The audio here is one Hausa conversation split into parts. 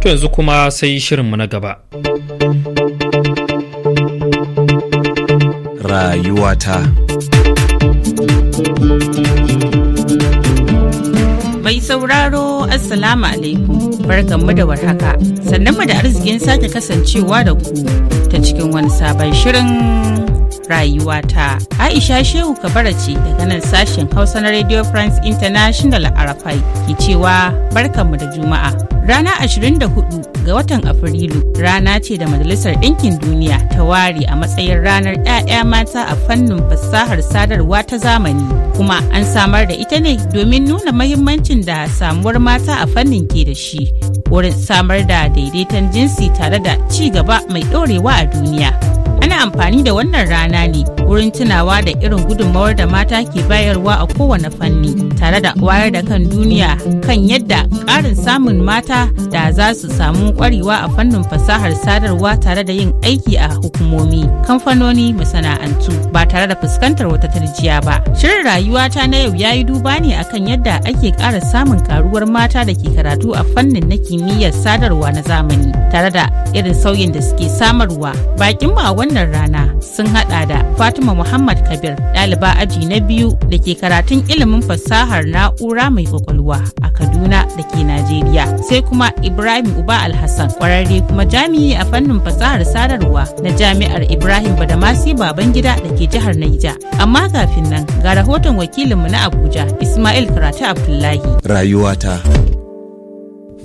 To yanzu kuma sai shirin mu na gaba. Rayuwata Mai sauraro Assalamu alaikum barkanmu da warhaka sannan mu da arzikin sake kasancewa da ku ta cikin wani sabon shirin rayuwata. Aisha Shehu Kabara ce daga nan sashen Hausa na Radio France International Arafai ke cewa barkanmu da Juma'a. Rana 24 ga watan Afrilu rana ce da Majalisar Ɗinkin Duniya ta ware a matsayin ranar 'ya'ya mata a fannin fasahar sadarwa ta zamani. Kuma an samar da ita ne domin nuna mahimmancin da samuwar mata a fannin ke da shi wurin samar da daidaiton jinsi tare da ci gaba mai ɗorewa a duniya. Ana amfani da wannan rana ne wurin tunawa da irin gudunmawar da mata ke bayarwa a kowane fanni tare da wayar da kan duniya kan yadda ƙarin samun mata da za su samu ƙwarewa a fannin fasahar sadarwa tare da yin aiki a hukumomi, kamfanoni, masana'antu ba tare da fuskantar wata tarjiya ba. Shirin rayuwa ta na yau ya yi duba ne akan yadda ake ƙara samun karuwar mata da ke karatu a fannin na kimiyyar sadarwa na zamani tare da irin sauyin da suke samarwa. Bakin ma a wannan wannan rana sun hada da Fatima Muhammad Kabir, ɗaliba aji na biyu da ke karatun ilimin fasahar na'ura mai kwakwalwa a Kaduna da ke Najeriya. Sai kuma Ibrahim Uba Alhassan, kwararre kuma jami'i a fannin fasahar sadarwa na Jami'ar Ibrahim Badamasi Babangida da ke jihar Naija. Amma kafin nan ga rahoton wakilinmu na Abuja, Ismail Karatu Abdullahi. Rayuwata.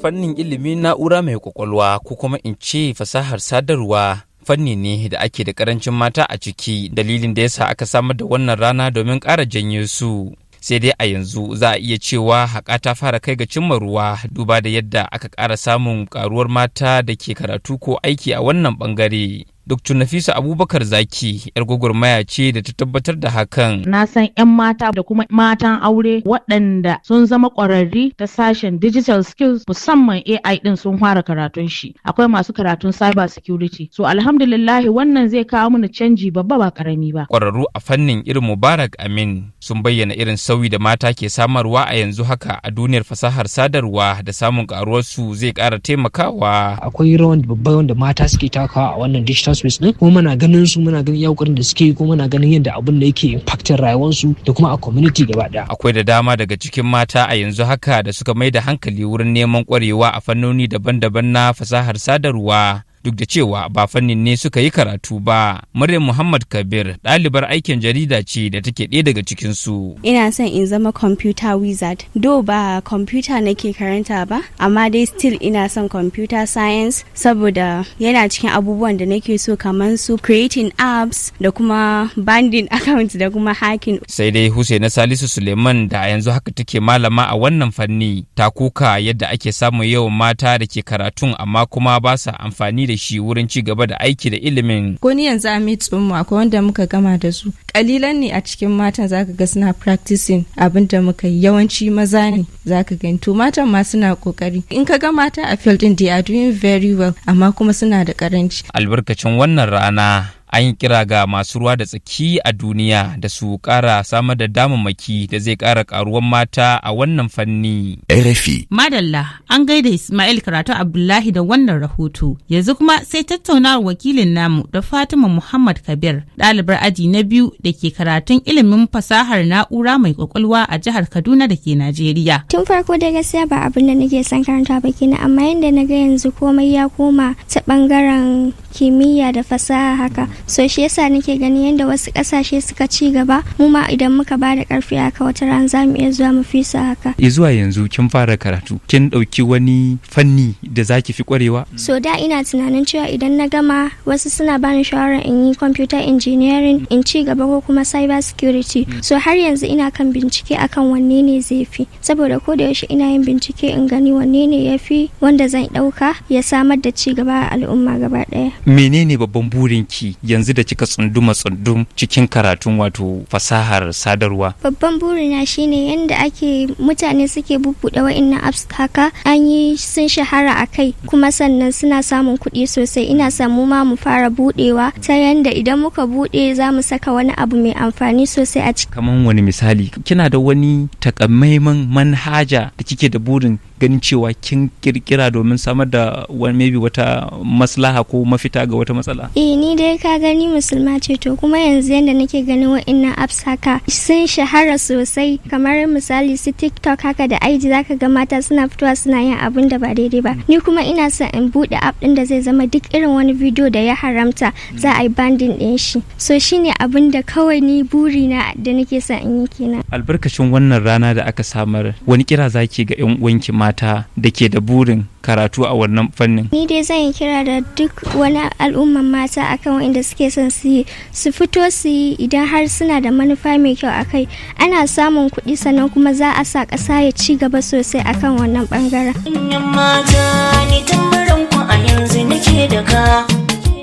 fannin ilimin na'ura mai kwakwalwa ko kuma in ce fasahar sadarwa fanni ne da ake da karancin mata a ciki dalilin da yasa aka samar da wannan rana domin ƙara janyo su sai dai a yanzu za a iya cewa haƙa ta fara kai ga cimma ruwa duba da yadda aka ƙara samun ƙaruwar mata da ke karatu ko aiki a wannan ɓangare Dr. Nafisa Abubakar Zaki yar gwagwarmaya ce da ta tabbatar da hakan. Na san 'yan mata da kuma matan aure waɗanda sun zama ƙwararri ta sashen digital skills musamman AI ɗin sun fara karatun shi. Akwai masu karatun cyber security. So alhamdulillahi wannan zai kawo mana canji babba ba ƙarami ba. Ƙwararru a fannin irin Mubarak Amin sun bayyana irin sauyi da mata ke samarwa a yanzu haka a duniyar fasahar sadarwa da samun ƙaruwarsu zai ƙara taimakawa. Akwai rawan babba wanda mata suke takawa a wannan digital space din kuma muna ganin su muna ganin yakurin da suke kuma muna ganin yadda abin da yake impacting rayuwarsu da kuma a community gaba daya akwai da dama daga cikin mata a yanzu haka da suka mai da hankali wurin neman kwarewa a fannoni daban-daban na fasahar sadarwa duk da cewa ba fannin ne suka yi karatu ba. Maryam Muhammad Kabir ɗalibar aikin jarida ce da take ɗaya daga cikin su. Ina son in zama computer wizard. Do ba computer nake karanta ba, amma dai still ina son computer science saboda yana cikin abubuwan da nake so kamar su creating apps da kuma banding account da kuma hacking. Sai dai Husaina Salisu Suleiman da yanzu haka take malama a wannan fanni ta kuka yadda ake samun yawan mata da ke karatun amma kuma ba sa amfani da shi wurin ci gaba da aiki da ilimin. Ko ni yanzu a mu akwai wanda muka gama da su. Kalilan ne a cikin matan za ka ga suna practicing abin da muka yi yawanci maza ne ka gani. To matan ma suna kokari. In ka ga mata a field din they are doing very well amma kuma suna da karanci. Albarkacin wannan rana an yi kira ga masu ruwa da tsaki a duniya da su kara samar da damammaki da zai kara karuwan mata a wannan fanni. RFI. Madalla an gaida Ismail Karatu Abdullahi da wannan rahoto. Yanzu kuma sai tattaunawar wakilin namu da Fatima Muhammad Kabir ɗalibar aji na biyu da ke karatun ilimin fasahar na'ura mai kwakwalwa a jihar Kaduna da ke Najeriya. Tun farko da gaskiya ba abin da nake son karanta ba kenan amma yadda na ga yanzu komai ya koma ta bangaren kimiyya da fasaha haka so shi yasa nake gani yadda wasu kasashe suka ci gaba mu ma idan muka ba da haka wata ran za mu iya zuwa mu fi su haka zuwa yanzu kin fara karatu kin ɗauki wani fanni da zaki fi kwarewa. so da ina tunanin cewa idan na gama wasu suna bani shawarar in yi computer engineering in ci gaba ko kuma cyber security mm. so har yanzu ina kan bincike akan wanne ne zai fi saboda ko da yaushe ina yin bincike in gani wanne ne ya fi wanda zan ɗauka ya samar da ci gaba a al'umma gaba ɗaya menene babban burinki yanzu da kika tsunduma tsundum cikin karatun wato fasahar sadarwa babban burina shine yanda ake mutane suke bubbuɗe wa'annan apps haka an yi sun shahara a kai kuma sannan suna samun kuɗi sosai ina samu ma mu fara buɗewa ta yanda idan muka buɗe za mu saka wani abu mai amfani sosai a ciki kaman wani misali kina da wani takamaiman manhaja da kike da burin ganin cewa kin kirkira domin samar da wani maybe wata maslaha ko mafita ga wata matsala eh ni dai ka gani musulma ce to kuma yanzu yanda nake ganin wa'annan apps haka sun shahara sosai kamar misali su TikTok haka da IG zaka ga mata suna fitowa suna yin abun da ba daidai ba ni kuma ina son in bude app din da zai zama duk irin wani video da ya haramta za a yi bandin din shi so shine abun da kawai ni buri na da nake son in yi kenan albarkacin wannan rana da aka samar wani kira zaki ga yan uwanki ma mata da ke da burin karatu a wannan fannin. Ni dai zan yi kira da duk wani al'umman mata a kan waɗanda suke son su yi su fito su yi idan har suna da manufa mai kyau a kai ana samun kuɗi sannan kuma za a sa ƙasa ya ci gaba sosai a kan wannan ɓangaren. Yan mata ni tambarin ku a yanzu nake da ka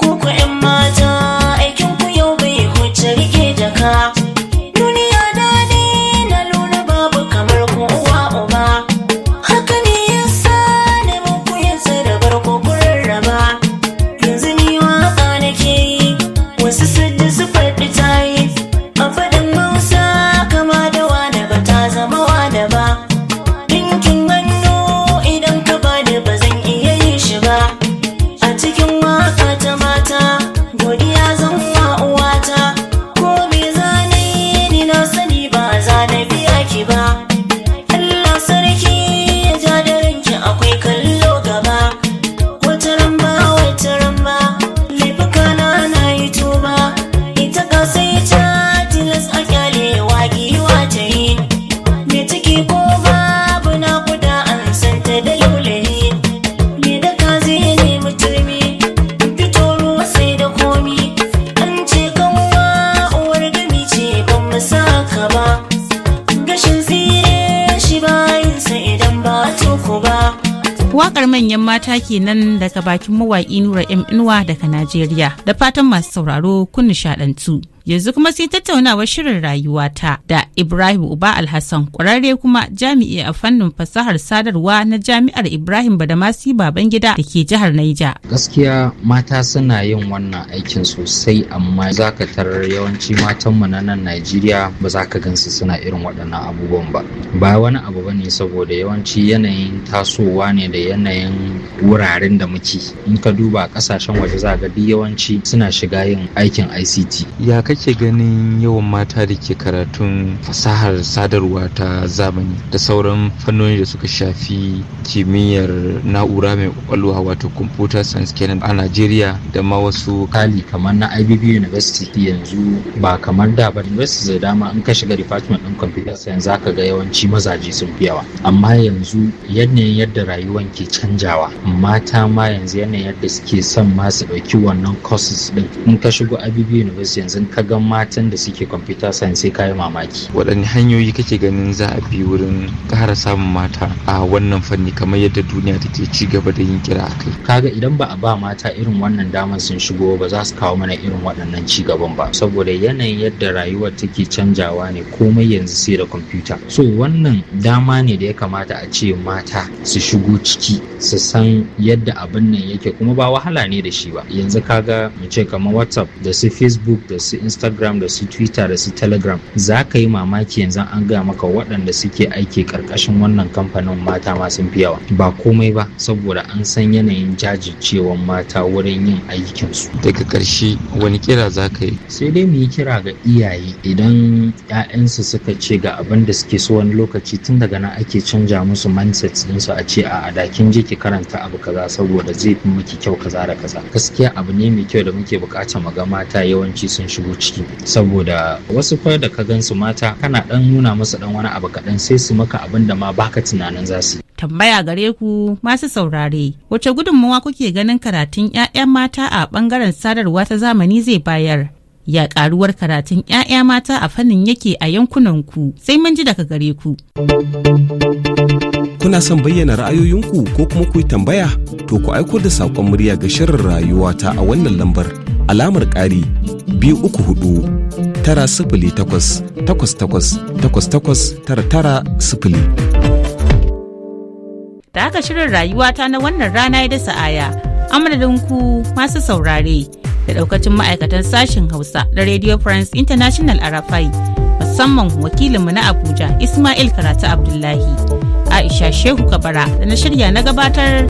ko ku 'yan Wakar manyan mata kenan daga bakin mawaƙi Nura M Inuwa daga Najeriya. Da fatan masu sauraro kun nishaɗantu. Yanzu kuma sai tattaunawar shirin rayuwa ta da Ibrahim Uba Alhassan kwararre kuma jami'i a fannin fasahar sadarwa na jami'ar Ibrahim Badamasi Babangida da ke jihar Naija. Gaskiya mata suna yin wannan aikin sosai amma za ka tarar yawanci matanmu na nan Najeriya ba za ka gansu suna irin waɗannan abubuwan ba. Ba wani abu ba ne saboda yawanci yanayin tasowa ne da yanayin wuraren da muke. In ka duba kasashen waje za ga yawanci suna shiga yin aikin ICT. Ya kake ganin yawan mata da ke karatun fasahar sadarwa ta zamani da sauran fannoni da suka shafi kimiyyar na'ura mai kwakwalwa wato computer science kenan a Najeriya da ma wasu kali kamar na IBB University yanzu ba kamar da ba university da dama in ka shiga department din computer science zaka ga yawanci mazaje sun fi yawa amma yanzu yanayin yadda rayuwan ke canjawa mata ma yanzu yanayin yadda suke son ma su ɗauki wannan courses din in ka shigo IBB University yanzu ka ga matan da suke computer science sai kayi mamaki waɗanne hanyoyi kake ganin za a bi wurin ƙara samun mata a wannan fanni kamar yadda duniya take ci gaba da yin kira a kai kaga idan ba a ba mata irin wannan damar sun shigo ba za su kawo mana irin waɗannan ci gaban ba saboda yanayin yadda rayuwar take canjawa ne komai yanzu sai da computer so wannan dama ne da ya kamata a ce mata su shigo ciki su san yadda abin nan yake kuma ba wahala ne da shi ba yanzu kaga mu ce kamar whatsapp da su facebook da su instagram da su twitter da su telegram za ka yi mamaki yanzu an gaya maka waɗanda suke aiki ƙarƙashin wannan kamfanin mata masu sun ba komai ba saboda an san yanayin jajircewan mata wurin yin aikinsu daga karshe wani kira za ka yi sai dai mu yi kira ga iyaye idan 'ya'yansu suka ce ga abin da suke so wani lokaci tun daga nan ake canja musu mindset ɗinsu a ce a adakin je ki karanta abu kaza saboda zai fi miki kyau kaza da kaza gaskiya abu ne mai kyau da muke bukata mu ga mata yawanci sun shigo ciki saboda wasu fa da ka gansu mata kana dan nuna musu dan wani abu kaɗan sai su maka abin da ma baka tunanin za su tambaya gare ku masu saurare wace gudunmawa kuke ganin karatun 'ya'yan mata a bangaren sadarwa ta zamani zai bayar ya karuwar karatun 'ya'ya mata a fannin yake a yankunan ku sai mun ji daga gare ku kuna son bayyana ra'ayoyinku ko kuma ku tambaya to ku aiko da saƙon murya ga shirin rayuwata a wannan lambar alamar ƙari biyu uku hudu tara sifili takwas takwas takwas takwas takwas tara tara sifili. Da haka shirin rayuwata na wannan rana ya dasa aya, amadadin ku masu saurare da daukacin ma'aikatan sashen Hausa da Radio France International Arafai musamman wakilinmu na Abuja Ismail Karatu Abdullahi. Aisha Shehu Kabara da na shirya na gabatar